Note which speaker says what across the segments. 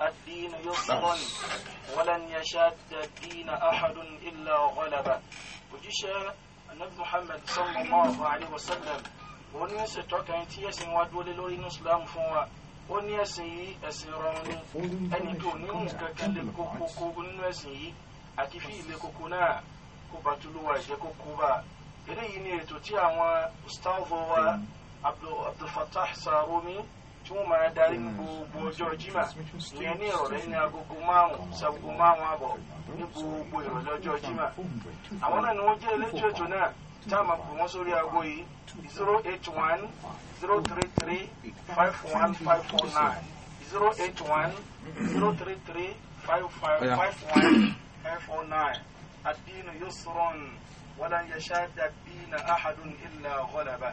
Speaker 1: الدين يسر ولن يشاد الدين أحد إلا غلبه òjíṣẹ́ anabi muhammed sallallahu alayhi wa sallam ó ní ẹsẹ̀ tọ́ka ẹni tí ẹ̀sìn wa dúró lé lórí inú islam fún wa ó ní ẹ̀sìn yìí ẹ̀sìn rọrùn ni ẹnì tó ní mú kankan lè kókókó nínú ẹ̀sìn yìí àti fi ilé kókó náà kó bá tó ló wà jẹ́ kókó bá eléyìí ni ètò tí àwọn ustaz wa abdulfatah sarumi tí wọ́n máa darí ní hmm. gbogbo ọjọ́ jimá ìyẹn ní ìrọ̀lẹ́ ní agogo márùn-ún sagogo márùn-ún àbọ̀ ní gbogbo ìrọ̀lẹ́ ọjọ́ jimá àwọn náà ni wọ́n jẹ́ elétò ètò náà tá a máa pè wọ́n sórí aago yìí zero eight one zero three three five one five four nine zero eight one zero three three five five five one five four nine ad-dinu yusrun walan yashadda ad-dina ahadun illa ghalaba.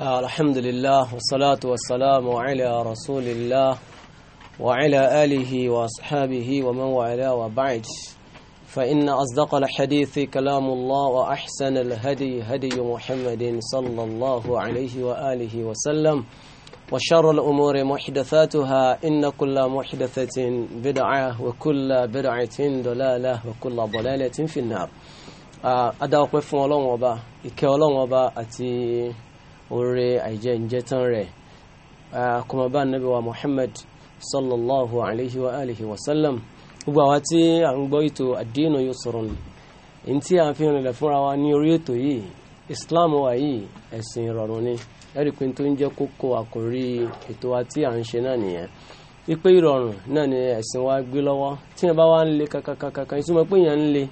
Speaker 1: الحمد لله والصلاة والسلام على رسول الله وعلى آله وأصحابه ومن والاه وبعد فإن أصدق الحديث كلام الله وأحسن الهدي هدي محمد صلى الله عليه وآله وسلم وشر الأمور محدثاتها إن كل محدثة بدعة وكل بدعة ضلالة وكل ضلالة في النار أدعوكم فون الله وبا إكي الله أتي oore àìjẹ ǹjẹ tán rẹ̀ akọmọba anabi wa muhammad sallallahu alayhi wa alihi wa sallam gbogbo àwa tí à ń gbọ́ ètò ad-dinu yusrun ntí à ń fi rìnlẹ̀ fúnra wa ní orí ètò yìí islam wa yìí ẹ̀sìn ìrọ̀rùn ni ẹ̀rí pé tó ń jẹ́ kókó àkórí ètò wa tí à ń ṣe náà nìyẹn ipe ìrọ̀rùn náà ni ẹ̀sìn wa gbé lọ́wọ́ tí yẹn bá wá ń le kàkàkàkà ìtumọ̀ pé yẹn ń le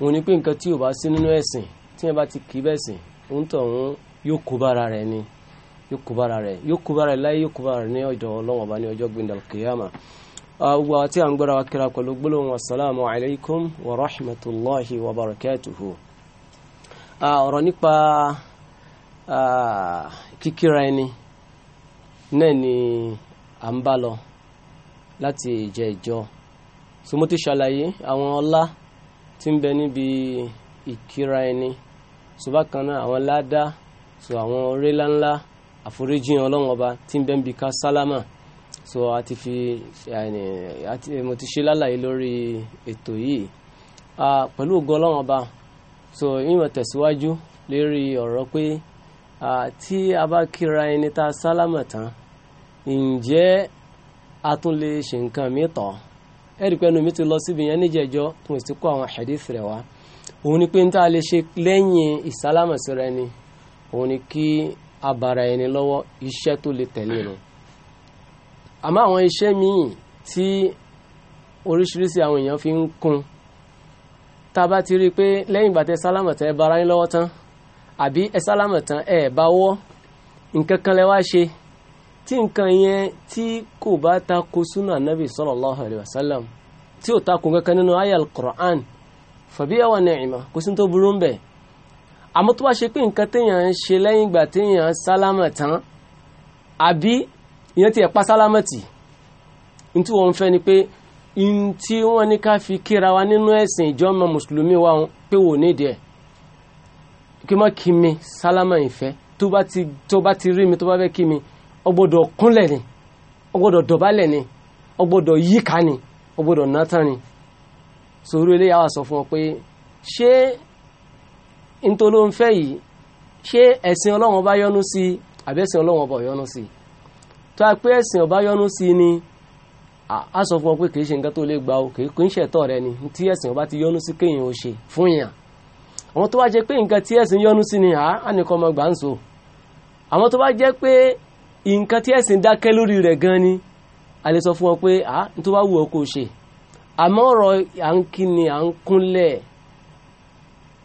Speaker 1: òun ni pé nǹkan tí ò bá sí nínú ẹ̀sìn tí yẹn bá ti kì í bẹ̀sìn òun tọ̀ yóò kó bára rẹ̀ ni yóò kó bára rẹ̀ yóò kó bára rẹ̀ láyé yóò kó bára rẹ̀ ní ọ̀dọ̀ ọlọ́wọ́n bá ní ọjọ́ gbẹ̀ndà kìyàmà. àwọn àti à ń wa kíra pẹ̀lú gbólóhùn asalaamu alaykum wa rahmatulahi wa barakatuhu. ọ̀rọ̀ nípa kíkíra ẹni náà ni à ń bá lọ láti ìjẹ ìjọ so mo ti ṣàlàyé àwọn ọlá tí ń bẹ níbi ìkíra ẹni so bákan náà àwọn ládàá so àwọn oore ńláńlá àforíjì ọlọ́run ọba tí ń bẹ ń bi ká sálámà so a ti fi mo ti ṣe lálàyé lórí ètò yìí pẹ̀lú ògo ọlọ́run so ìmọ̀ tẹ̀síwájú lérí ọ̀rọ̀ pé tí a bá kíra ẹni tá a sálámà tán ǹjẹ́ a tún lè ṣe nǹkan mi tọ̀ ẹ̀rí pẹ́ẹ́nu mi ti lọ síbi yẹn níjẹ̀jọ́ tí mo ti àwọn hadith rẹ̀ wá òun ni pé n tá lè ṣe lẹ́yìn ìsálámà síra ẹni òun ni kí abara ẹni lọ́wọ́ iṣẹ́ tó lè tẹ̀lé nu àmọ́ àwọn iṣẹ́ míì tí oríṣiríṣi àwọn èèyàn fi ń kún tá bá ti rí i pé lẹ́yìn ìgbà tẹ sálámà tán ẹ bara yín lọ́wọ́ tán àbí ẹ sálámà tán ẹ bá wọ́ nǹkan kan lẹ ṣe tí nǹkan yẹn tí kò bá ta ko súnà nabi sallallahu alayhi wa sallam tí ò ta ko kankan nínú ayal Qur'an fàbíyàwó ni'ima kò sí tó burú ń bẹ́ẹ̀ àmọ́ tó bá ṣe pé nǹkan téèyàn ń ṣe lẹ́yìn ìgbà téèyàn sálámà tán àbí ìyẹn ti ẹ̀ pa sálámà tì ní tí wọ́n fẹ́ ni pé in tí wọ́n ní ká fi kíra wa nínú ẹ̀sìn ìjọ́mọ mùsùlùmí wa pé wò nídìí ẹ̀ kí má kí mi sálámà ìfẹ́ tó bá ti tó bá ti rí mi tó bá fẹ́ kí mi ó gbọ́dọ̀ kúnlẹ̀ ni ó gbọ́dọ̀ dọ̀bálẹ̀ ni ó gbọ́dọ̀ yíká ni ó gbọ́dọ̀ nátàn ni sòrò eléyà sọ fún ọ pé ṣé nítorí ó ń fẹ́ yìí ṣé ẹ̀sìn ọlọ́run ọba yọ́nú sí i àbí ẹ̀sìn ọlọ́run ọba yọ́nú sí i tó a pé ẹ̀sìn ọba yọ́nú sí i ni a sọ fún ọ pé kìí ṣe nǹkan tó lè gba o kìí kún ìṣẹ̀tọ́ rẹ ni tí ẹ̀sìn ọba ti yọ́nú sí kéèyàn ò ṣe fún yàn àwọn tó bá jẹ́ pé nǹkan tí ẹ̀sìn yọ́nú sí ni a, á nìkan ọmọ gbà ń so àwọn tó bá jẹ́ pé nǹkan tí ẹ̀sìn dákẹ́ lórí rẹ̀ gan ni a lè sọ fún ọ pé à ń tó bá wù ọ kó ṣe àmọ́ ọ̀rọ̀ à ń kí à ń kúnlẹ̀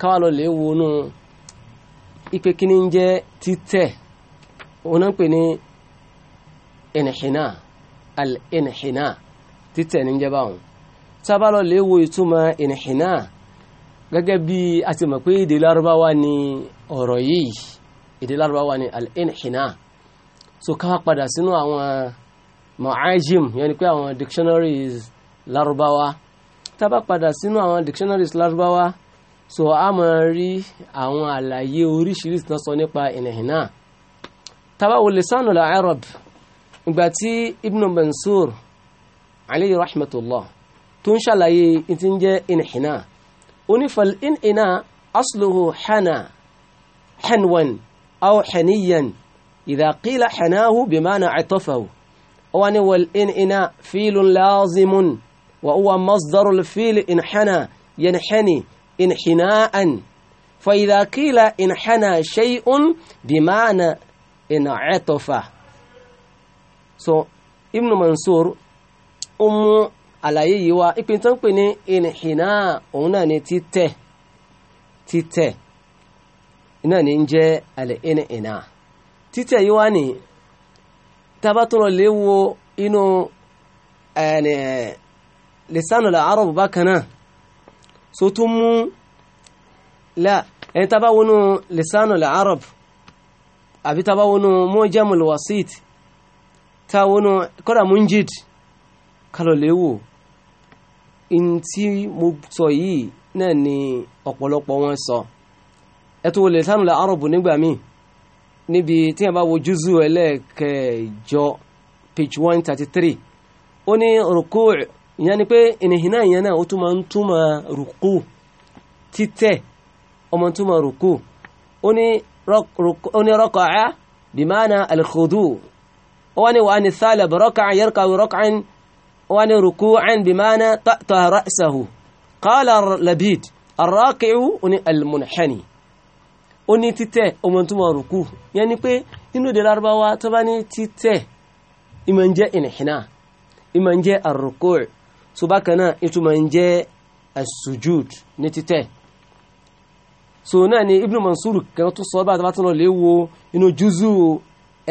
Speaker 1: káwá lọ lè wonú ipe kíní ń jẹ́ títẹ̀ òun náà ń pè ní ẹnìhìnà al-ẹnìhìnà títẹ̀ ní jẹ́ báwọn tábà lọ lè wo ìtumọ̀ ẹnìhìnà gẹ́gẹ́ bí a ti mọ̀ pé èdè lárúbáwá ni ọ̀rọ̀ yìí èdè lárúbáwá ni al-ẹnìhìnà so káwá padà sínú àwọn mọ̀ájìm yẹn ni pé àwọn dictionaries lárúbáwá tábà padà sínú àwọn dictionaries lárúbáwá so a máa rí àwọn àlàyé oríṣiríṣi tán sọ nípa ìnìhìnà tabawo lisanul arab ìgbà tí ibn mansur alayhi rahmatullah tó ń ṣàlàyé ìtí ń jẹ́ ìnìhìnà onífàl ìnìhìnà asluhu hana hanwan aw haniyan idha qila hanahu bima'na atafahu wani wal in'ina filun lazimun wa huwa masdarul fil inhana yanhani انحناء فإذا قيل انحنى شيء بمعنى انعطف so Ibn Mansur ó mú àlàyé yìí wá ìpín tó ń pè ní ìnìhìnà òun náà ni títẹ̀ títẹ̀ náà ni ń jẹ́ àlẹ́ ìnìhìnà títẹ̀ yìí wá ní tabatọ́rọ̀ léwo inú lisanul arab bákan náà so tó mú la ẹni tá bá wọnú lisanul arab àbí tá bá wọnú mujamul wasit tá wọnú kọ́dà munjid kálọ̀ léwò in tí mo sọ yìí náà ni ọ̀pọ̀lọpọ̀ wọn sọ ẹ̀tọ́ wọlé lisanul arab nígbà míì níbi tí bá wo júzù ẹlẹ́ẹ̀kẹjọ page one thirty three ó ní rukuu ìyẹn ni pé ìnìhìnà ìyẹn náà ó tún máa ń túmọ̀ rùkú títẹ̀ ọmọ túmọ̀ rùkú ó ní rọ́kọ̀á bìmánà alìkòdù ó wá ní wà ní sálẹ̀ rọ́kàá yẹ́rkàwé rọ́kàá ó wá ní rùkú àn bìmánà tààrà ìsàhù kọ́lá labid arọ́kìú ó ní almunhani ó ní títẹ̀ ọmọ túmọ̀ rùkú yẹn ni pé nínú èdè lárúbáwá tó bá ní títẹ̀ ìmọ̀ ń jẹ́ ìnìhìnà ìmọ̀ ń jẹ́ àrùkúù so bákan náà ìtumọ̀ ń jẹ́ asujud ní títẹ̀ so náà ni Ibn Mansur kan tún sọ bá tún lọ lè wo inú júzù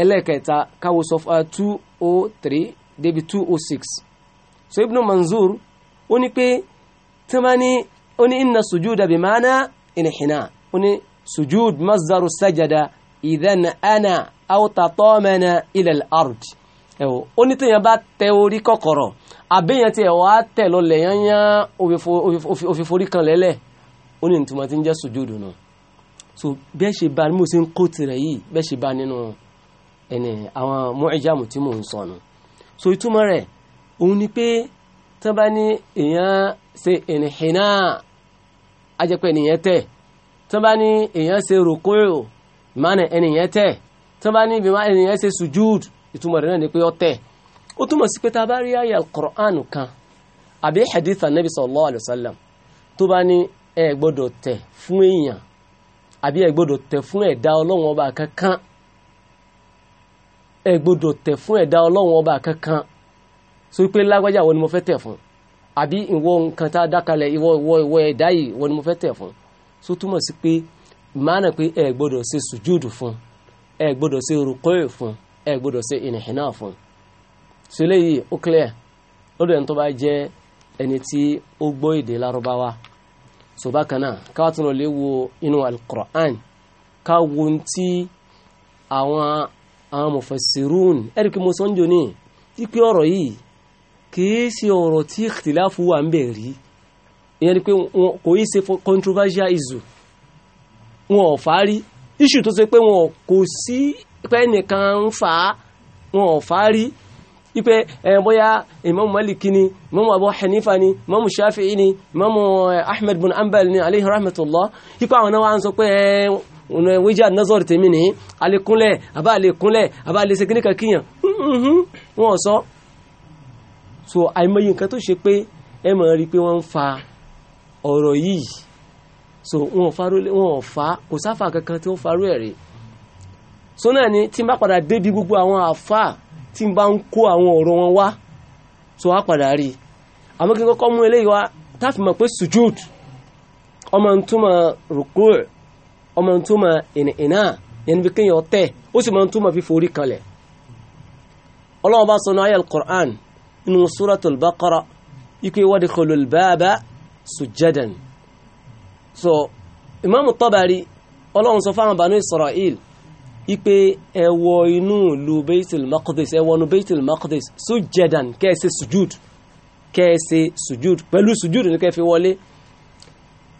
Speaker 1: ẹlẹ́kẹta káwo sọ fún uh, two o oh three débi two o oh six so Ibn Mansur ó ní pé tí wọ́n ní ó ní inna sujuda bi maana ó ní sujud mazdaru sajada idan ana aw tatamana ila ard ẹ̀wọ̀ ó ní tí bá tẹ orí kọ́kọ́rọ́ àbẹ́yàn tí ẹ̀ wá tẹ̀ lọlẹ̀ yányán òfìforí kan lẹ́lẹ̀ ó ní ìtumọ̀ tí ń jẹ́ sùjúdù nù so bẹ́ẹ̀ ṣe bá mo ṣe ń kó tirẹ̀ yìí bẹ́ẹ̀ ṣe bá nínú ẹni àwọn mọ́ẹ̀jáàmù tí mò ń sọ nù so ìtumọ̀ rẹ̀ òun ni pé tí wọ́n bá ní èèyàn ṣe ìnìhìnà ajẹ́pẹ́ ènìyàn tẹ̀ tí wọ́n bá ní èèyàn ṣe rògbòrò ìmánà ènìyàn tẹ̀ tí wọ́n bá ní ènìyàn ó sikweta sí pé tá a bá kan abi haditha anabi sallallahu alayhi wa sallam tó bá ní ẹ fun tẹ̀ abi èèyàn àbí ẹ gbọ́dọ̀ tẹ̀ fún kankan ẹ gbọ́dọ̀ fun fún ẹ̀dá ọlọ́wọ́n kankan so pé lágbájá wo mo mo so tumo si pe mana pe ẹ se ṣe sùjúdù fun so eléyìí ó clear lọ́dọ̀ de tó bá jẹ́ ẹni tí ó gbọ́ èdè lárúbáwá so bákan náà káwá tó lè wo inú alukur'an ká wo ti àwọn àwọn mufassirun ẹ̀rí kí mo sọ ń jò ní ipe ọ̀rọ̀ yìí kìí ṣe ọ̀rọ̀ tí ìtìláfù wà ń bẹ̀ rí ìyẹn ni controversial issue wọn ò fà á rí issue tó ṣe pé wọn kò sí pé ẹnìkan ipe eh, bóyá imam maliki ni imam abu hanifa ni imam shafi'i ni imam eh, ahmed bin ambal ni alayhi rahmatullah ipa àwọn náà wá ń sọ pé eh, wíjà nazor tèmi ni alekúnlẹ̀ àbá alekúnlẹ̀ àbá alese kíníkà kíyàn mm-hmm. wọ́n sọ so àìmọye nǹkan tó ṣe pé ẹ mọ̀ rí pé wọ́n ń fa ọ̀rọ̀ yìí so wọn fa kò sáfà kankan tí ó farú ẹ̀rí so náà ni tí n padà débi gbogbo àwọn àfáà tí n bá ń kó àwọn ọ̀rọ̀ wọn wá tó wá padà rí àmọ́ kí n kọ́kọ́ mú eléyìí wá táàfì mọ̀ pé sujud ọmọ n túmọ̀ rukú ọmọ n túmọ̀ ìnìnà yẹn bí kéèyàn tẹ̀ ó sì mọ̀ n túmọ̀ fífi orí kanlẹ̀ ọlọ́wọ́n bá sọnù ayé al-Qur'an inú suratul Baqara ikú wadkhulul baba sujjadan so imaamu Tabari ọlọ́wọ́n sọ fáwọn Banu Isra'il ipe ẹwọ inú ìlú Baitul Maqdis ẹwọ inú Baitul Maqdis sujadan kẹsẹ sujud kẹsẹ sujud pẹ̀lú sujud ní kẹfì wọlé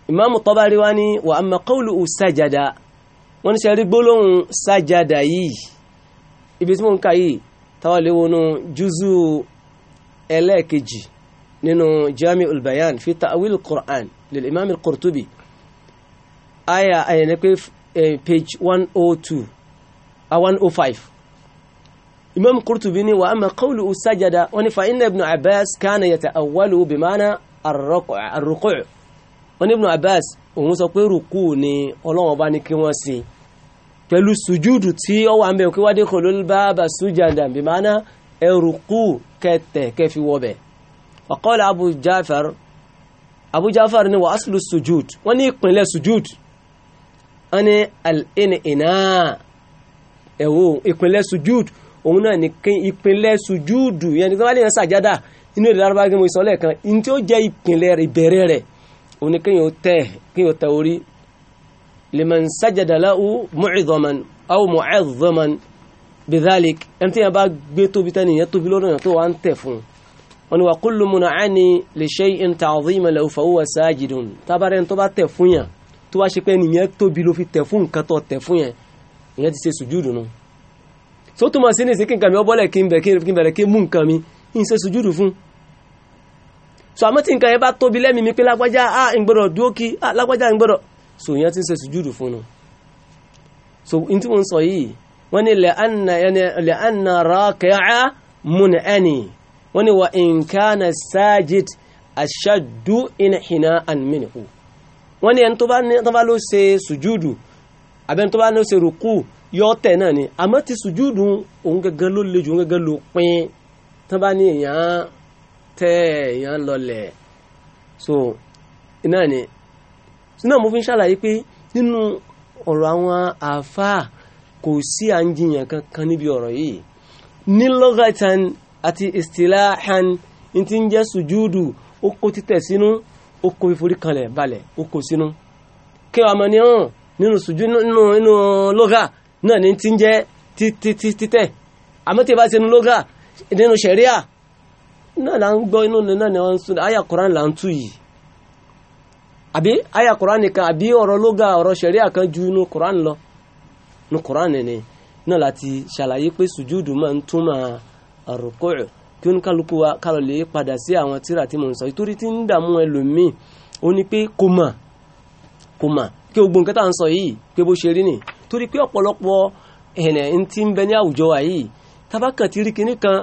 Speaker 1: Imamu Tabari wa ni wa amma qawlu sajada wọ́n ní sẹ́rí gbólóhùn sajada yìí ibi tí mo ń ka yìí táwọn lè wọnú júzù ẹlẹ́ẹ̀kejì nínú Jami'ul Bayan fi ta'wil Qur'an lil Imam qurtubi aya ayẹnẹ pé eh, page one oh two. 105 imam qurtubi ni wa amma qawlu sajada wani fa inna ibn abbas kana yata'awwalu bi ma'na ar-ruku' wani ibn abbas òun sọ pé rùkú ni ọlọ́wọ́n bá ní kí wọ́n ṣe pẹ̀lú sùjúdù tí ó wà ń bẹ̀ kí wádìí kò ló bá bá sujada bi ma'na ẹrùkú kẹtẹ̀ kẹfì wọ́bẹ̀ wa qala ni wa aslu sujud wọ́n ní ìpínlẹ̀ sujud wọ́n ní al ẹ̀wò ìpínlẹ̀ sujúd òun náà ní kí ìpínlẹ̀ sujúdù yẹn ní káwálé yẹn sàjádà inú èdè lárúbá gẹ́gẹ́ mo sọ lẹ́ẹ̀kan ní tí ó jẹ́ ìpínlẹ̀ ìbẹ̀rẹ̀ rẹ̀ òun ní kéèyàn tẹ̀ kéèyàn tẹ orí liman sajada lahu mu'idhaman aw mu'azzaman bidhalik ẹni tí yẹn bá gbé tóbi tẹ́ni yẹn tóbi lọ́dọ̀ yẹn tó wà ń tẹ̀ fún wọn ni wa ìyẹn ti ṣe sùjúdù nù tó túmọ̀ sí ní sí kí nǹkan mi ọbọ̀lẹ̀ kí n bẹ̀ kí n bẹ̀rẹ̀ kí n mú nǹkan mi ń ṣe sùjúdù fún so àmọ́ tí nǹkan yẹn bá tóbi lẹ́mìí mi pé lágbájá à ń gbọ́dọ̀ dúó kí à lágbájá ń gbọ́dọ̀ so ìyẹn ti ń ṣe sùjúdù fún nù so n tí mo ń sọ yìí wọ́n ní lẹ́ ànà rákẹ́á múnà ẹni wọ́n ní wà nǹkan sájid aṣáájú ìnìhìnà àmì wọ́n ní ẹni tó bá ló ṣe sùjúdù abẹ́ni tó bá ní ó ṣe rùkú yọ tẹ̀ náà ni àmọ́ ti sùjúdù òun gẹ́gẹ́ ló le jù òun gẹ́gẹ́ ló pín tó bá ní èèyàn tẹ́ èèyàn lọlẹ̀ so iná ni sínú mo fi ń ṣàlàyé pé nínú ọ̀rọ̀ àwọn àáfàá kò sí àǹjiyàn kankan níbi ọ̀rọ̀ yìí ní lọ́gàtàn àti ìsìláhàn ní ti ń jẹ́ sùjúdù ó kó títẹ̀ sínú ó kó ìforíkanlẹ̀ balẹ̀ ó sínú kí wàá mọ̀ ní ọ̀hún nínú sùjú nínú nínú lóga náà ní ti ń jẹ́ títẹ̀ àmọ́ tí ẹ bá ti nínú lóga nínú ṣẹ̀ríà náà là ń gbọ́ inú náà ni wọ́n ń sún àyà koran là ń tú yìí àbí àyà koran nìkan àbí ọ̀rọ̀ lóga ọ̀rọ̀ ṣẹ̀ríà kan ju inú koran lọ inú koran nìyẹn náà láti ṣàlàyé pé sùjúdù máa ń túmọ̀ àrùkọ́ kí oníkálukú wa kálọ̀ lè padà sí àwọn tíra tí mo ń sọ ìtorí tí ń dààmú ẹlòmíì ó ní pé kò mà kò mà kí gbogbo nǹkan tá à ń sọ yìí pé bó ṣe rí nì torí pé ọ̀pọ̀lọpọ̀ ẹ̀nẹ̀ ń ti ń bẹ ní àwùjọ wa yìí tabakàn ti rí kinní kan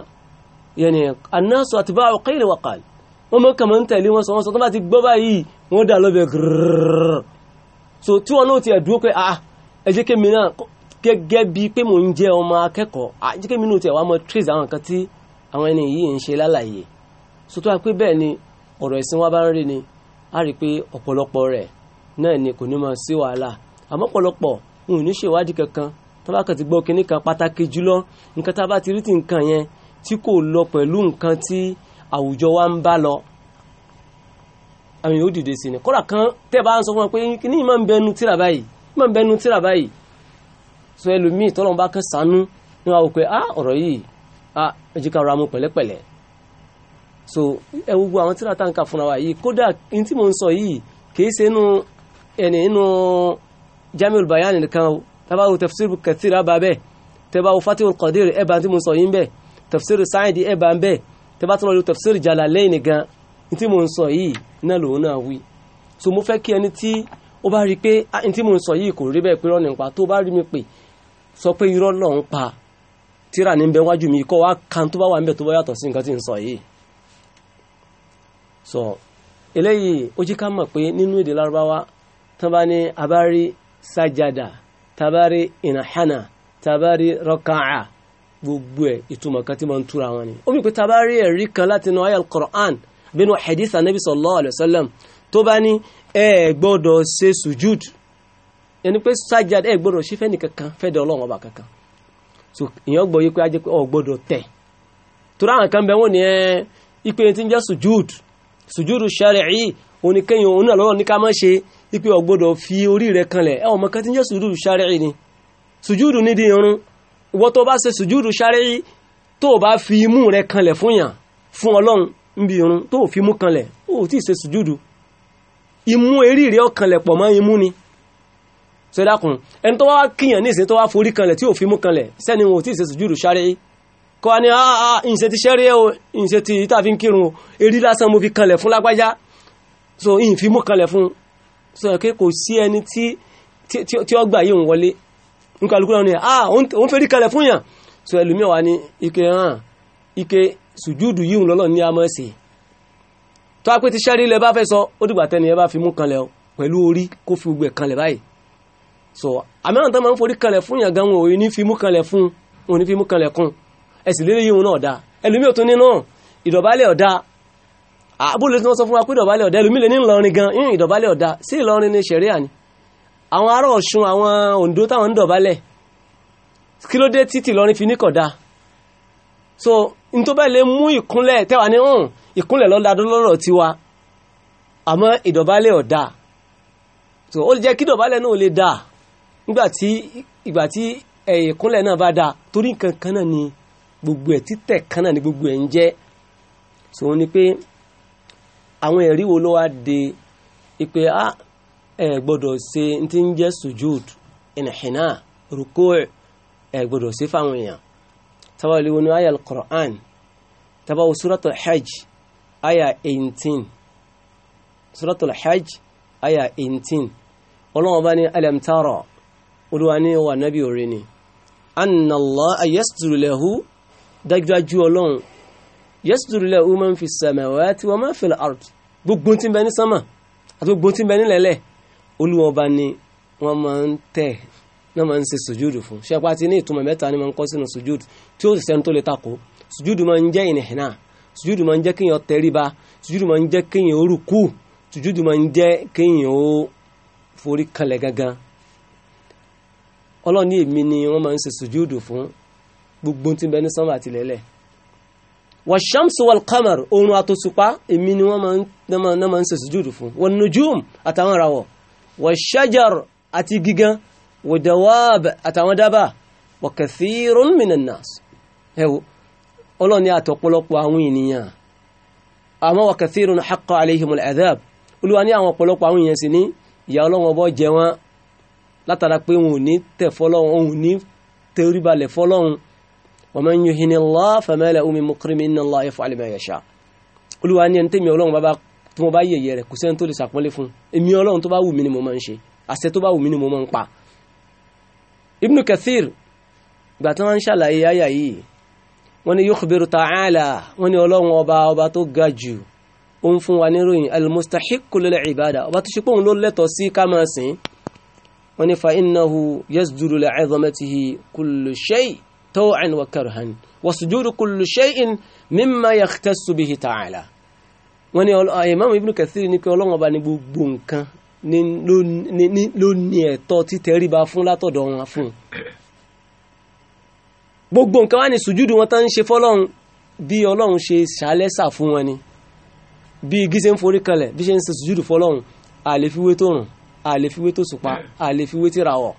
Speaker 1: yẹnì anáṣọ àtibáwò kéèlè wà kàl wọn mọ kàmọ ń tẹ̀lé wọn sọ wọn sọ tó bá ti gbọ́ báyìí wọn dà lọ́bẹ̀ gírrrr so tí wọn náà ti ẹ̀dúró pé ah ẹ jẹ́ kémi náà gẹ́gẹ́ bíi pé mò ń jẹ́ ọmọ akẹ́kọ̀ọ́ ah ẹ jẹ́ kémi so tó wá pé bẹ́ẹ̀ ni ọ̀rọ̀ ẹ̀sìn wa náà ni kò ní máa sí wàhálà àmọ́ pọ̀lọpọ̀ n ò ní ṣèwádìí kankan tó bá kàn ti gbọ́ kinní kan pàtàkì jùlọ nǹkan tá a bá ti rí ti nǹkan yẹn tí kò lọ pẹ̀lú nǹkan tí àwùjọ wa ń bá lọ àwọn yóò dìde sí ni kódà kan tẹ́ bá ń sọ fún wa pé kinní yìí máa ń bẹnu tíra báyìí máa ń bẹnu tíra báyìí sọ ẹlòmíì tọ́lọ́n bá kàn sánú ní wa wò pé ah ọ̀rọ̀ yìí ah ẹ jẹ́ ká ra mu pẹ̀lẹ́pẹ̀lẹ́ so ẹ wo gbogbo àwọn tíra tá à ń kà fúnra wa yìí kódà ní tí mò ń sọ yìí kì í ṣe inú ẹni inú jamiul bayani nìkan o tábà wo tafsir kathir abà bẹ́ẹ̀ tẹ́bà wo fatihul qadir ẹ̀bà tí mo sọ yín bẹ́ẹ̀ tafsir sáyẹ̀dì ẹ̀bà ń bẹ́ẹ̀ tẹ́bà tó lọ lo tafsir jalalaini gan tí mo ń sọ yìí náà lòun náà wí so mo fẹ́ kí ẹni tí ó bá rí i pé tí mo ń sọ yìí kò rí bẹ́ẹ̀ pé rọ́ọ̀nì ń pa tó bá rí mi pé sọ pé irọ́ náà ń pa tíra ní bẹ́ẹ̀ wájú mi kọ́ wá kan tó bá wà níbẹ̀ tó bá yàtọ̀ sí nǹkan tí ń sọ yìí. sọ eléyìí ó jí ká mọ̀ pé nínú èdè lárúbáwá tabani abari sajada tabari inahana tabari rọkàá gbogbo ẹ̀ ìtumọ̀ kan tí ma ń túra wọn ni. ó bí pé tabari ẹ̀rí kan láti nu ayal Qur'an bínú hadith anabi sallallahu alayhi wa sallam tó bá ní ẹ sujud ẹni pé sajada ẹ gbọ́dọ̀ ṣe fẹ́ni kankan fẹ́dẹ̀ ọlọ́run ọba kankan so ìyẹn gbọ́ yìí pé ajẹ́ pé ọ gbọ́dọ̀ tẹ̀ tura àwọn kan bẹ wọn ni ẹ ipe ti ń jẹ́ sujud sujud shari'i oníkẹyìn òun náà lọ́rọ̀ ní ṣe ipe ọgbọ́dọ̀ fi orí rẹ̀ kanlẹ̀ ẹ ọmọ kan tí ń jẹ́ sùjúdù ṣárẹ́ì ni sùjúdù nídìí irun ìwọ tó bá ṣe sùjúdù ṣárẹ́ì tó bá fi imú rẹ̀ kanlẹ̀ fún yàn fún ọlọ́run níbi irun tó fi imú kanlẹ̀ ó tí ì ṣe sùjúdù imú eré rẹ̀ ọkànlẹ̀ pọ̀ mọ́ imú ni sọdákùn ẹni tó wá kíyàn ní ìsìn tó wá forí kanlẹ̀ tí ò fi imú kanlẹ̀ sẹ́ni wọn ò tí ì ṣe sùjúdù ṣárẹ́ì kọ́ ni àà ìṣe ti ṣẹ́rí ẹ̀ o ìṣe ti ìta fi ń kírun o so ìyìn fi imú kanlẹ̀ fún sọ pé kò sí ẹni tí ó gbà ń wọlé nǹkan alukó náà ni ah òun fẹ́ rí kalẹ̀ fún yàn sọ ẹlòmíà wa ni ike hàn ah, ike sùjúdù yìí ń lọ́lọ́ ní amọ̀ ẹ̀sìn tó a pé ti ṣẹ́rí ilẹ̀ bá fẹ́ sọ ó dìgbà tẹ́ni ẹ bá fi mú kanlẹ̀ pẹ̀lú orí kó fi gbẹ̀ kanlẹ̀ báyìí so àmẹ́ràn tó máa ń forí kanlẹ̀ fún yàn gan wọn ò ní fi mú kanlẹ̀ fún wọn ò ìdọ̀bálẹ̀ ọ̀dà àbúlé ah, tí wọ́n sọ fún wa pé ìdọ̀bálẹ̀ ọ̀dá ẹlòmílẹ̀ ní Ìlọrin gan ń ìdọ̀bálẹ̀ ọ̀dá sí Ìlọrin ní ṣẹ̀ríà ni àwọn ará Ọ̀ṣun àwọn Oǹdó táwọn ń dọ̀bálẹ̀ kí ló dé títí Ìlọrin fi níkọ̀dá so n tó bẹ́ẹ̀ lè mú ìkúnlẹ̀ tẹ́wà ní hàn ìkúnlẹ̀ lọ́dọọdún lọ́rọ̀ tiwa àmọ́ ìdọ̀bálẹ̀ ọ̀dá so ó lè jẹ́ kí ìdọ̀bálẹ̀ náà lè dà nígbà tí ìgbà tí ìkúnlẹ̀ náà bá dà torí nǹkan kan náà ni gbogbo ẹ̀ títẹ̀ kan náà ni gbogbo ẹ̀ ń jẹ́ so ni pé àwọn ẹ̀rí wo ló wá de ipe a ah, ẹ gbọ́dọ̀ ṣe n ti ń jẹ́ sujud ìnìhìnà rúkú ẹ gbọ́dọ̀ ṣe fáwọn èèyàn tábà lè wọnú àyà al-Qur'an tábà wọ suratul hajj àyà 18 suratul hajj àyà 18 ọlọ́wọ́n bá ní alam olúwa ní wà nábì orin ni anna Allah ayasjudu lahu dájúdájú ọlọ́run yasjudu lahu man fi samawati wa man fil ard gbogbo tí ń bẹ ní sánmà àti gbogbo tí ń bẹ nílẹ̀lẹ̀ olúwa ọba ni wọ́n máa ń tẹ̀ náà máa ń ṣe sùjúdù fún ṣẹ́pá ti ní ìtumọ̀ mẹ́ta ni máa ń kọ́ sínú sùjúdù tí ó sì sẹ́ni tó lè takò sùjúdù máa ń jẹ́ ìnìhìnà sùjúdù máa ń jẹ́ kéèyàn tẹríba sùjúdù máa ń jẹ́ kéèyàn ó rùkú máa ń jẹ́ kéèyàn ó forí kalẹ̀ gangan ọlọ́ọ̀ni èmi ni wọ́n máa ń ṣe sùjúdù fún gbogbo tí ń bẹ ní sánmà àti wàṣàmsù wàlkàmàr oòrùn àtòṣùpá èmi ni wọ́n máa ń sẹ̀sì jùdù fún wọn nùjúm àtàwọn ìràwọ̀ wàṣàjàr àti gígan wàdàwàb àtàwọn dábà wàkàthírún minan nas ẹwọ ọlọ́ni àtọ̀pọ̀lọpọ̀ àwọn ènìyàn àmọ́ wàkàthírún haqqa alayhimul adhab olúwa ní àwọn ọ̀pọ̀lọpọ̀ àwọn èèyàn sì ní ìyà ọlọ́wọ́n bọ́ jẹ wọn látara pé wọn ò ní tẹ̀ fọlọ́run wọn ò ní tẹríbalẹ̀ fọlọ́run ومن يهن الله فما له من مكرم إن الله يفعل ما يشاء Olúwa ní ẹni tẹ́mi Ọlọ́run bá tó bá yẹ̀yẹ́ rẹ̀ kò sẹ́ni tó lè ṣàpọ́nlé fún èmi Ọlọ́run tó bá wù mí ni mo máa ń ṣe àṣẹ tó bá wù mí ni mo máa ń pa. Ibn Kathir gbà tí wọ́n ń ṣàlàyé àyà yìí wọ́n ní yukhbiru ta'ala wọ́n ní Ọlọ́run ọba ọba tó ga jù ó ń fún wa níròyìn al-mustahiqqu lil-ibada ọba tó ṣe pé òun ló lẹ́tọ̀ọ́ sí ká máa sìn wọ́n ní fa innahu yasjudu li'azamatihi kullu shay' طوعا وكرها وسجود كل شيء مما يختص به تعالى wọ́n ní imam ibn kathir ní pé ọlọ́run ọba ní gbogbo nǹkan ló ní ẹ̀tọ́ títẹríba fún látọ̀dọ̀ wọn fún un gbogbo nǹkan wá ní sùjúdù wọn tán ń ṣe fọ́lọ́run bí ọlọ́run ṣe ṣàlẹ́sà fún wọn ni bí igi ṣe ń forí kalẹ̀ bí ṣe ń ṣe sùjúdù fọ́lọ́run àlefiwé tó rùn àlefiwé tó sùpá àlefiwé tìràwọ̀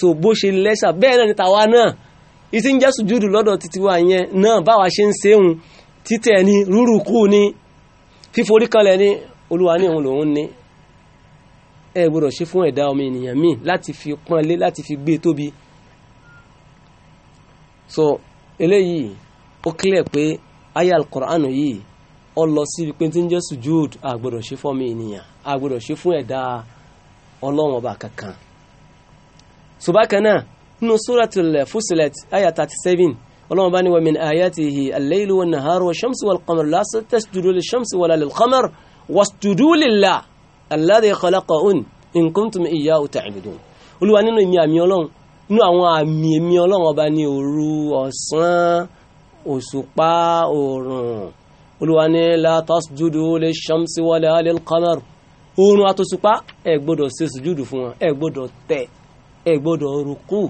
Speaker 1: so bó ṣe lẹ́sà bẹ́ẹ̀ náà ni tàwa náà ìsì ń jẹ́ sùjúdù lọ́dọ̀ títí wa yẹn náà báwa ṣe ń sehun títẹ̀ ni rúrùkú ni fíforí kanlẹ̀ ni olúwa ní òun lòun ní ẹ gbọ́dọ̀ ṣe fún ẹ̀dá ọmọ ènìyàn míì láti fi pọ́nlé láti fi gbé tóbi so eléyìí ó kílẹ̀ pé aya al-Qur'an yìí ó lọ síbi pé tí ń jẹ́ sùjúd a gbọ́dọ̀ ṣe fún ọmọ ènìyàn a ṣe fún ẹ̀dá ọlọ́wọ̀n ọba kankan so nínú suratul Fussilat aya 37 ọlọ́run bá ní wa min ayatihi al-laylu wan-naharu wash-shamsu wal-qamaru la tasjudu lish-shamsi wala lil-qamari wasjudu lillahi alladhi khalaqahun in kuntum iyyahu ta'budun olúwa nínú ìmí àmì ọlọ́run nínú àwọn àmì ìmí ọlọ́run ọba ní òru ọ̀sán òṣùpá òòrùn olúwa ní la tasjudu shamsi wala lil-qamari àtòṣùpá ẹ gbọ́dọ̀ ṣe sùjúdù fún wọn ẹ gbọ́dọ̀ tẹ̀ ẹ gbọ́dọ̀ rúkú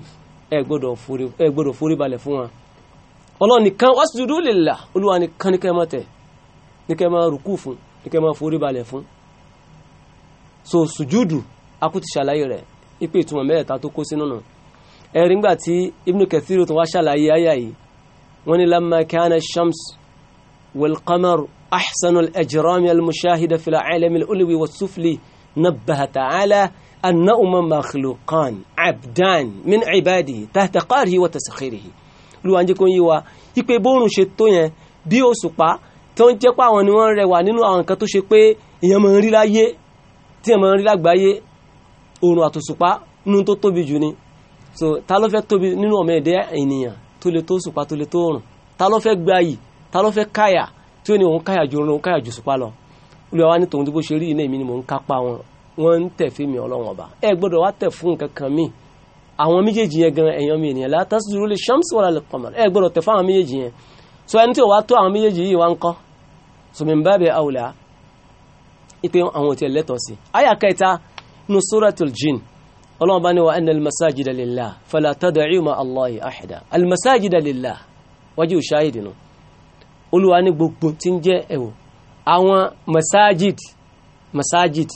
Speaker 1: ẹ gbọ́dọ̀ forí balẹ̀ fún wa ọlọ́run nìkan wasjudu lillah olúwa nìkan ní kẹ́ máa tẹ̀ ní kẹ́ máa rùkú fún ní kẹ́ máa forí balẹ̀ fún so sùjúdù akúti ṣàlàyé rẹ̀ ipe ìtumọ̀ mẹ́ẹ̀ta tó kó sínú nù ẹ̀rí ńgbà tí ibnu kathiru tó wá ṣàlàyé ayà yìí wọ́n ní lamma kana shams wal qamar ahsanu al mushahida fil alami al-ulwi sufli nabbaha ta'ala annahuma makhluqan abdan min ibadihi tahta qahrihi wa taskhirihi lùwà ń jẹ́ kó ń yí wa ipe bóòrùn ṣe tó yẹn bí òṣùpá tó ń jẹ́ pé àwọn ni wọ́n rẹwà nínú àwọn nǹkan tó ṣe pé èèyàn máa ń rí láyé tí èèyàn máa ń rí lágbàáyé oòrùn àtòṣùpá nínú tó tóbi jù ni so ta ló fẹ́ tóbi nínú ọmọ èdè ènìyàn tó lè tó ṣùpá tó lè tó òrùn ta ló fẹ́ gbayì ta ló fẹ́ káyà tí ó ní òun káyà ju òun káyà ju ṣùpá lọ olùwà wa ní tòun tí bó ṣe rí iná èmi ni mò ń kápá wọn wọ́n ń tẹ̀ fún mi ọlọ́run ọba ẹ gbọ́dọ̀ wá tẹ̀ fún nǹkan kan mi àwọn méjèèjì yẹn gan ẹ̀yàn mi ènìyàn la tasjudu li shamsi wala lil ẹ gbọ́dọ̀ tẹ̀ fún àwọn méjèèjì yẹn so ẹni tí ò wá tó àwọn méjèèjì yìí wá ń kọ́ so min babi awla ipe àwọn òtí ẹ̀ lẹ́tọ̀ọ́ sí. àyà kẹta nu suratul jinn ọlọ́run bá ní wa anna al-masajida lillah fala tad'u ma'a Allahi ahada al-masajida lillah wájú ṣáàyèdè nù olúwa ní gbogbo tí ń jẹ́ ẹ̀wò àwọn masajid masajid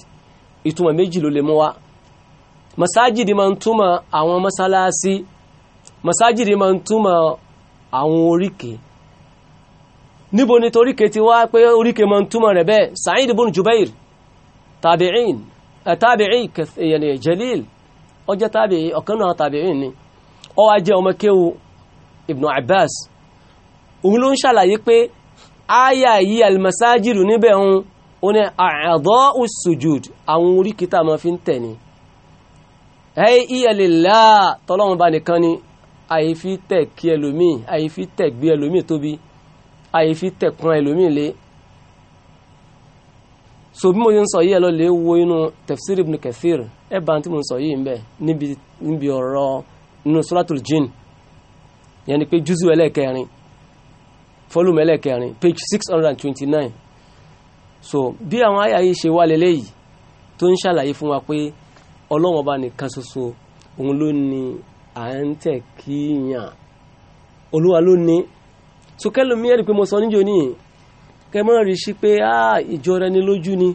Speaker 1: ìtumọ̀ méjì ló lè mú wá masajidi ma ń túmọ̀ àwọn masalasi masajidi ma ń túmọ̀ àwọn oríkè níbo ni toríkè ti wá pé oríkè ma ń túmọ̀ rẹ̀ bẹ́ẹ̀ Sa'id ibn Jubair tabi'in eh, tabi'i yani jalil ó jẹ́ tabi'i ọ̀kan náà tabi'in ni ó wá jẹ́ ọmọ kéwu Ibn Abbas òun ló ń ṣàlàyé pé áyà yìí almasajidu níbẹ̀ ó ní a'dha'u sujud àwọn oríkì tá a máa fi ń tẹ̀ ni ẹ̀yẹ ìyẹlélá tọ́lọ́run bá nìkan ni àyèfi tẹ̀ kí ẹlòmíì àyèfi tẹ̀ gbé ẹlòmíì tóbi àyèfi tẹ̀ kún ẹlòmíì lé so bí mo yẹn ń sọ yìí ẹ lọ lè wo inú tafsir ibn kathir ẹ bá tí mo ń sọ yìí ń bẹ níbi ọ̀rọ̀ nínú suratul jinn yẹn ni pé júzù ẹlẹ́kẹrin fọ́lùmù ẹlẹ́kẹrin page six hundred and twenty nine so bí àwọn àyà yìí ṣe wá lélẹ̀ yìí tó ń ṣàlàyé fún wa pé ọlọ́wọ́n ọba nìkan ṣoṣo òun ló ní à ń tẹ̀ kíyàn olúwa ló ní so kẹlòmí ẹ̀rí pé mo sọ níjó níyìn kẹ mọ́ rí sí pé á ah, ìjọ rẹ ní lójú ni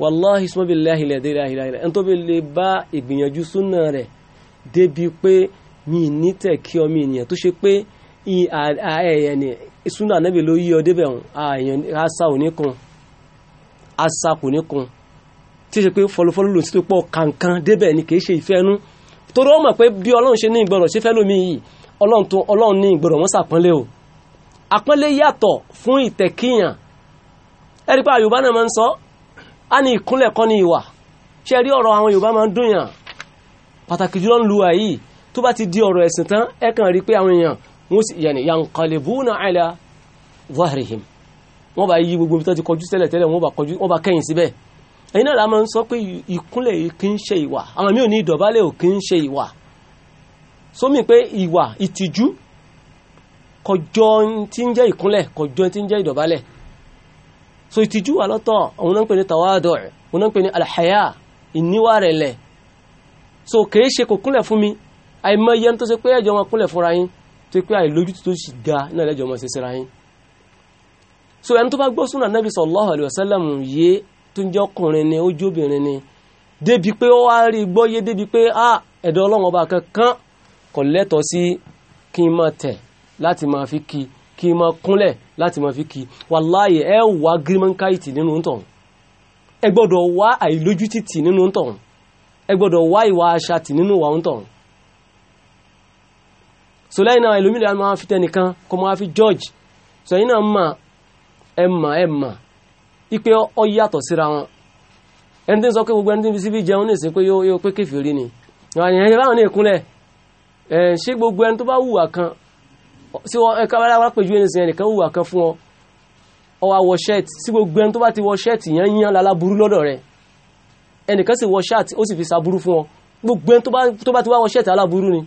Speaker 1: wàláhì sọ́bìláhì lẹ́dẹ̀ẹ́dẹ́ ẹni tó bí lè bá ìgbìyànjú súnà rẹ̀ débi pé mi ní tẹ̀ kí ọmọ ènìyàn tó ṣe pé ẹ̀yẹ̀ ni súnà náà ló yí ọ débẹ̀ àyàn àṣà òní kan asakò ní kun tí ṣe pé fọlọfọlọ lòun sí tó pọ̀ kankan débẹ̀ ni kì í ṣe ìfẹ́nu torí ó mọ̀ pé bí ọlọ́run ṣe ní ìgbọràn ṣe fẹ́ lómi yìí ọlọ́run tó ọlọ́run ní ìgbọràn wọn sàpọ́nlé o àpọ́nlé yàtọ̀ fún ìtẹ̀kíyàn ẹ̀rí pé yorùbá náà máa ń sọ á ní ìkúnlẹ̀ kọ́ ní ìwà ṣe rí ọ̀rọ̀ àwọn yorùbá máa ń dùn yàn pàtàkì jùlọ ń lu àyí tó bá ti di ọ̀rọ̀ ẹ̀sìn tán ẹ kàn rí pé àwọn èèyàn wọn sì yànqalibuna ala zahrihim wọ́n bá yí gbogbo ibi tó ti kọjú tẹ́lẹ̀ tẹ́lẹ̀ wọ́n bá kọjú wọ́n bá kẹ́yìn síbẹ̀ ẹ̀yin náà la máa ń sọ pé ìkúnlẹ̀ kì í ṣe ìwà àwọn míì ò ní ìdọ̀bálẹ̀ ò kì í ṣe ìwà sómi pé ìwà ìtìjú kọjọ tí ń jẹ́ ìkúnlẹ̀ kọjọ tí ń jẹ́ ìdọ̀bálẹ̀ so ìtìjú wà lọ́tọ̀ òun náà ń pè ní tawadu òun náà ń pè ní alhaya ìníwà rẹ̀ lẹ̀ so kìí ṣe kò kúnlẹ̀ fún mi àìmọye tó ṣe pé ẹ̀jọ̀ wọn kúnlẹ̀ fúnra yín tó ṣe pé àìlójútì tó sì ga náà lẹ́jọ̀ wọn ṣe síra yín so ẹni tó bá gbọ́ súnà nàbì sallallahu wasallam yé tó ń jẹ́ ni ó ni débi pé ó wá rí gbọ́ yé débi pé a ẹ̀dọ́ ọlọ́run ọba kankan kò lẹ́tọ̀ọ́ sí kí n máa tẹ̀ láti máa fi kí kí n máa kúnlẹ̀ láti máa fi kí ẹ wá gírímọ́nkáìtì nínú ẹ gbọ́dọ̀ wá àìlójútìtì nínú ẹ gbọ́dọ̀ wá ìwà nínú wà ń náà ẹlòmíràn máa fi tẹnìkan máa george so ẹ mà ẹ mà ipe ọ yàtọ̀ síra wọn ẹni tí ń sọ pé gbogbo ẹni tí ń fi síbi jẹun ní ìsìn pé yóò yóò pé kèfèrí ni àyàn ẹ̀yẹ báwọn ní ìkúnlẹ̀ ẹ̀ ṣé gbogbo ẹni tó bá wùwà kan sí wọn ẹ̀ka wàlá wàlá pèjú ẹni sìn ẹnìkan wùwà kan fún ọ ọ wa wọ ṣẹ́ẹ̀tì sí gbogbo ẹni tó bá ti wọ ṣẹ́ẹ̀tì yẹn yán lálábùrú lọ́dọ̀ rẹ̀ ẹnìkan sì wọ ṣáàtì ó sì fi sàbúrú fún ọ gbogbo ẹni tó bá ti wọ ṣẹ́ẹ̀tì aláburú ni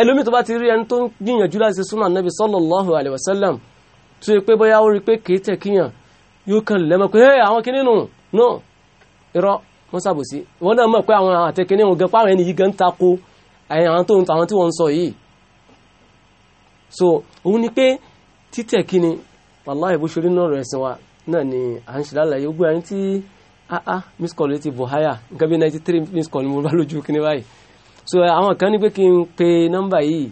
Speaker 1: ẹlòmíì tó bá ti rí ẹni tó gbìyànjú láti ṣe súnà sallallahu alaihi wasallam tó yẹ pé bóyá ó rí pé kìí tẹ̀ kíyàn yóò kàn lẹ́mọ̀ pé àwọn kìíní nù nù irọ́ wọ́n sàbòsí wọ́n náà mọ̀ pé àwọn àtẹ̀kíní òun gan pàwọn ẹni yìí gan tako àwọn tó ń ta tí wọ́n ń sọ yìí so òun ni pé títẹ̀ kíni wàláhì bó ṣorí náà rẹ̀ sìn wa náà ni à ń ṣe lálàyé gbogbo ẹni tí aa ah, ah, miss call ti bò háyà nǹkan bí ninety three miss call ni mo bá lójú kíní báyìí so àwọn kan ní pé kí n pe nọ́mbà yìí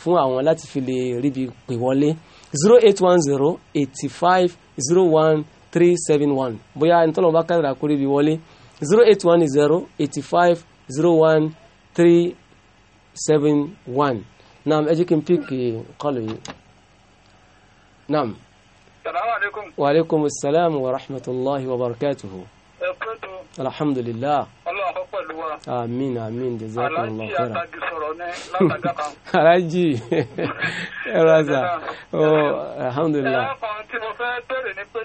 Speaker 1: fún àwọn láti fi lè ríbi pè wọlé zero eight one zero eighty five zero one three seven one bóyá ntọ́nà bá kádàrà kórè bí wọlé zero eight one zero eighty five zero one three seven one naam ẹ jẹ́ kí n píkì kọlù eh, yìí naam. salaamaleykum. wa aleykum salaam wa rahmatulahi wa barakatuhu alhamdulillah amin amin jazakallah khairan alaji ẹrọza o alhamdulillah. ẹ kàn tí mo fẹ́ bẹ̀rẹ̀ ní pé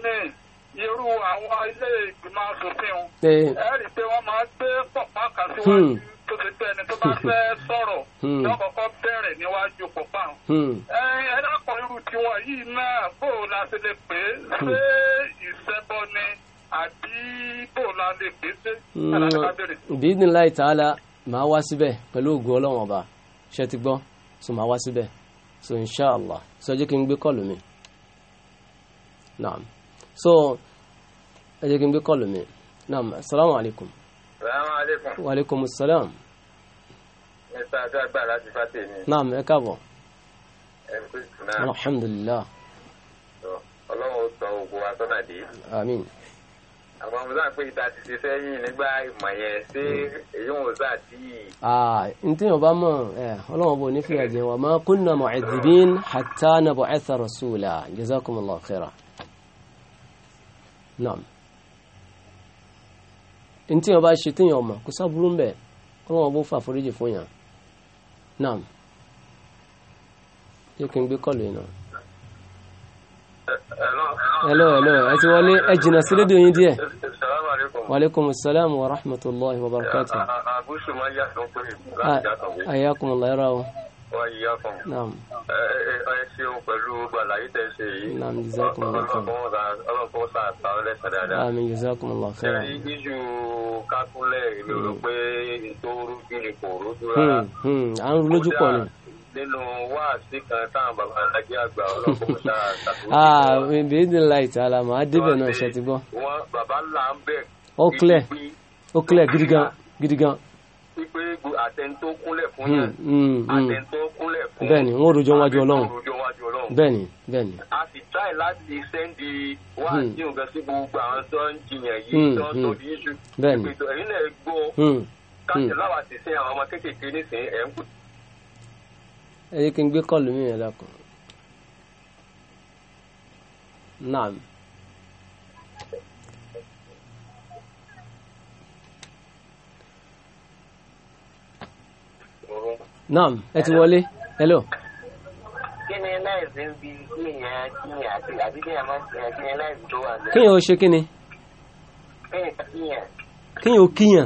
Speaker 1: irú àwọn ilé ìgbìmọ̀ asòfin o ẹ rí i pé wọ́n máa gbé pọ̀pá kan síwájú hmm. tó ti pẹ́ ẹni tó bá hmm. fẹ́ sọ̀rọ̀ lọ́kọ̀ọ́kọ́ hmm. bẹ̀rẹ̀ níwájú pọ̀pá ẹ dákọ̀ irú tiwọn yìí náà bó o la ṣe lè pè é ṣé ìṣẹ́bọ ni àbí bòlá lè pèsè. bíyìn láì tààlà màá wá síbẹ̀ pẹ̀lú ògùn ọlọ́run ọba ṣe ti gbọ́ so màá wá síbẹ̀ so inshallah so ẹ jẹ́ kí n gbé kọ́ọ̀lù mi naam so ẹ jẹ́ kí n gbé kọ́ọ̀lù mi naam assalamu alaikum. assalamu alaikum. wa alaikum assalam. mr adagba láti fàtẹ́ mi. naam ẹ káàbọ̀. ẹ kú ìtùnà. alhamdulilah. ọlọ́run ó sọ ògùn wa sọ́nà àwọn ọmọ sáà pé ìta ti ṣe sẹ́yìn nígbà ìmọ̀ yẹn ṣé èyí wọn sá tí. n tí yóò bá mọ̀ ọlọ́run bò ní fi àjẹ́ wa ma kunna mu'adhibin hatta nab'atha rasula jazakumullahu khairan. naam n tí yóò bá ṣe tí yóò mọ̀ kó sábúrú ń bẹ̀ ọlọ́run bó fà foríjì fún yàn naam kí n gbé kọ́lù yìí náà hello hello ẹ ti wọlé ẹ jìnnà sí rédíò yín díẹ̀. waaleykum salaam wa rahmatulahi wa barakatu. àbúṣe máa yá tó ń pè é láti yàtọ̀ wí. ayakum allah yàrá o. wọ́n yí yàtọ̀. ẹ ẹ ṣeun pẹ̀lú gbàlàyé tẹ̀ ṣe yìí. naam jazakum allah khair. ọlọ́kọ́ sá àtàwọn lẹ́sẹ̀ dáadáa. ami jazakum allah khair. ṣe iṣu kákúnlẹ̀ ìlú hmm. pé ìtòrújú ni kò rújú hmm, rárá. Hmm, à ń lójú pọ̀ ni nínú wáàsí kan táwọn bàbá alájẹ àgbà ọlọ́pàá sára ṣàkóso. ah bèbè ní láìta la màá débẹ̀ náà ṣe ti gbọ́. wọn bàbá ńlá ń bẹ. ó clear ó clear gidi gan gidi gan. pípé àtẹnudó kúnlẹ̀ fún hmm, yàn hmm, hmm. àtẹnudó kúnlẹ̀ fún. bẹ́ẹ̀ni wọn ò rojọ́ wájú Ọlọ́run bẹ́ẹ̀ni bẹ́ẹ̀ni. a sì try láti sẹ́ndì wáàsí nǹkan sí gbogbo àwọn tó ń jiyàn yìí tó ń tó di iṣu. bẹ́ẹ̀ni ìpètò ẹ̀yin náà gbọ́ káṣí láwàtí sí àwọn ọmọ kéékèèké nísìnyí ẹ̀ ń kú ẹ̀yẹ́ kí n gbé kọlù mí yẹn lẹ́kùn náà náà ẹ ti wọlé hello. kí ni láìsí ń bi kí yẹn kí yẹn àti àti kí yẹn máa ń kí yẹn láìsí tó wà. kí yẹn o ṣe kí ni. kí yẹn kí yẹn. kí yẹn o kí yẹn.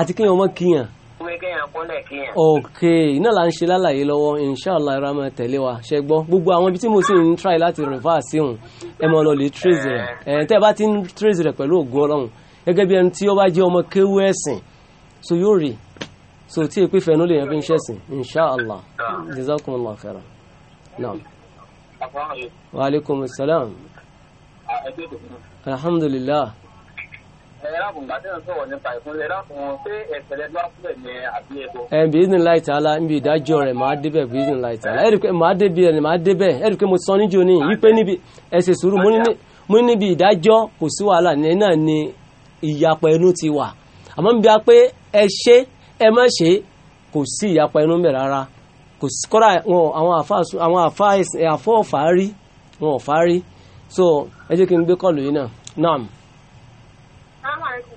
Speaker 1: àti kí yẹn o mọ kí yẹn ok iná là ń ṣe lálàyé lọ́wọ́ inshallah ẹ̀rọ máa tẹ̀lé wa ṣe gbọ́ gbogbo àwọn ibi tí mo sì ń try láti refer sí òun ẹ mọ̀ lọ lè trace rẹ̀ eh. ẹ̀ tẹ́ ẹ bá ti ń trace rẹ̀ pẹ̀lú ògùn ọlọ́run gẹ́gẹ́ bí ẹni tí ó bá jẹ́ ọmọ kéwú ẹ̀sìn so yóò rí so tí èpè fẹ́ ló lè yẹn fi ń ṣẹ̀sìn inshallah ah. jazakumullahu khairan naam wa aleykum salaam ah, alhamdulilah bìíní láì tààlà níbi ìdájọ́ rẹ̀ máa débẹ̀ bìíní láì tààlà ẹ̀rì pé máa débi ẹ̀rì máa débẹ̀ ẹ̀rì pé mo sọ níjó ní ni, níbi ẹ̀sẹ̀ sùúrù mo níbi ìdájọ́ kò sí wàhálà ní náà ni ìyapa ẹnu ti wà àmọ́ níbi a pé ẹ ṣe ẹ má ṣe kò sí ìyapa ẹnu mẹ́ rárá kò sí kọ́ra àwọn àfọ́ ọ̀fà rí wọn ọ̀fà rí so ẹ jẹ́ kí n gbé kọ́ọ̀lù yìí náà naam.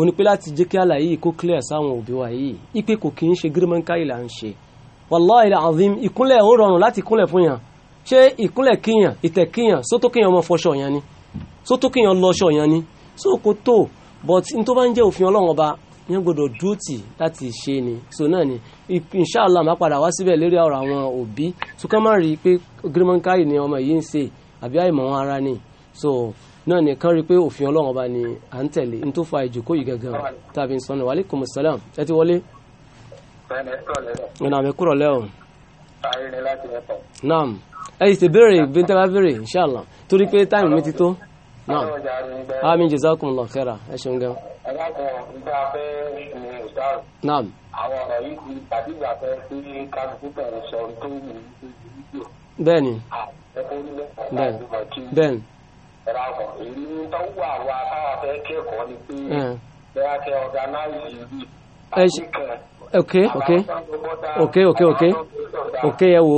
Speaker 1: ó ní pé láti jẹ́ kí àlàyé yìí kó clear sáwọn òbí wa yìí ipe kò kí ń ṣe gírímọ̀ǹká ìlà ń ṣe wàláhì azim ìkúnlẹ̀ ó rọrùn láti kúnlẹ̀ fún yàn ṣé ìkúnlẹ̀ kíyàn ìtẹ̀ kíyàn sótó kíyàn ọmọ fọṣọ yẹn ni sótó kíyàn lọṣọ yẹn ni sóko tó but n tó bá ń jẹ́ òfin ọlọ́run ọba yẹn gbọ́dọ̀ dúró láti ṣe ni so náà ni inṣàlá máa padà wá síbẹ̀ lérí ọ̀rọ̀ àwọn òbí so má rí i pé gírímọ̀ǹká yìí ni ọmọ yìí ń ṣe àbí àìmọ̀ ara ni so náà nìkan rí i pé òfin ọlọ́run ọba ni à ń tẹ̀lé ní tó fa ìjòkó yìí gangan tàbí ń sọnù wàlíkùmù sálàm ẹ ti wọlé. ìnà mi kúrò lẹ́wọ̀n. naam ẹ yìí ti béèrè bí n tẹ́ bá béèrè inṣàlá torí pé táìmù mi ti tó. naam àmín jazakumullahu khaira ẹ ṣeun gan. naam. àwọn ọ̀rọ̀ yìí ti tàbí ìgbà fẹ́ sí kálukú bẹ̀rẹ̀ sọ̀rọ̀ tó wù ú. bẹ́ẹ̀ni bẹ́ẹ̀ni bẹ́ẹ̀ni ẹ̀rọ ọkọ̀ èyí ń tọ́ wà wá táwa fẹ́ kẹ́kọ̀ọ́ ni pé mm. bẹ́ẹ̀ kẹ́ ọ̀gánáìsì yìí àti kan ok ok ok ok ok ok ẹ wo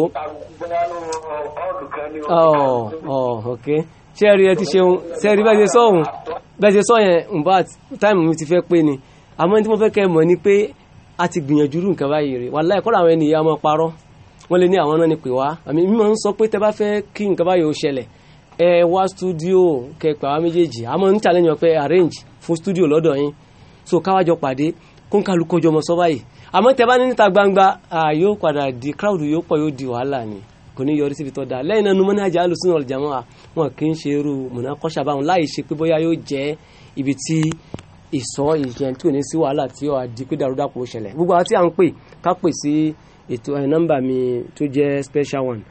Speaker 1: ọ ọ oh, oh, ok ṣé ẹ rí ẹ ti ṣeun ṣé ẹ rí bẹ́ẹ̀ ṣe sọ òun bẹ́ẹ̀ ṣe sọ yẹn nba táìmù mi ti fẹ́ pé ni àmọ́ tí mo fẹ́ kẹ́ mọ̀ ni pé a ti gbìyànjú rú nǹkan báyìí rè wàláhì kọ́ra àwọn ènìyàn máa parọ́ wọ́n lè ní àwọn náà ni pè wá àmì mímọ́ ń sọ pé tẹ́ bá fẹ́ kí nǹkan báyìí ó ṣẹlẹ̀ ẹ wá studio kẹpẹ àwọn méjèèjì àmọ́ ń challenge wọn pé arrange fún studio lọ́dọ̀ yín so káwájọ pàdé kónkálukọ jọmọ sọ báyìí àmọ́ tẹ bá ní níta gbangba yóò padà di crowd yóò pọ̀ yóò di wàhálà ni kò ní yọrí síbi tó dáa lẹ́yìn náà numọ́ni àjà alùsùn ọ̀lùjà mọ́ wọn kì í ṣe irú mọ̀nàkọ́ṣà báwọn láì ṣe pé bóyá yóò jẹ́ ibi tí ìsọ ìyẹn tí ò ní sí wàhálà tí ó di pé dàrúdàpọ̀ ṣẹlẹ̀ gbogbo àwọn tí à ń pè ká pè sí ètò nọ́mbà mi tó jẹ́ special one.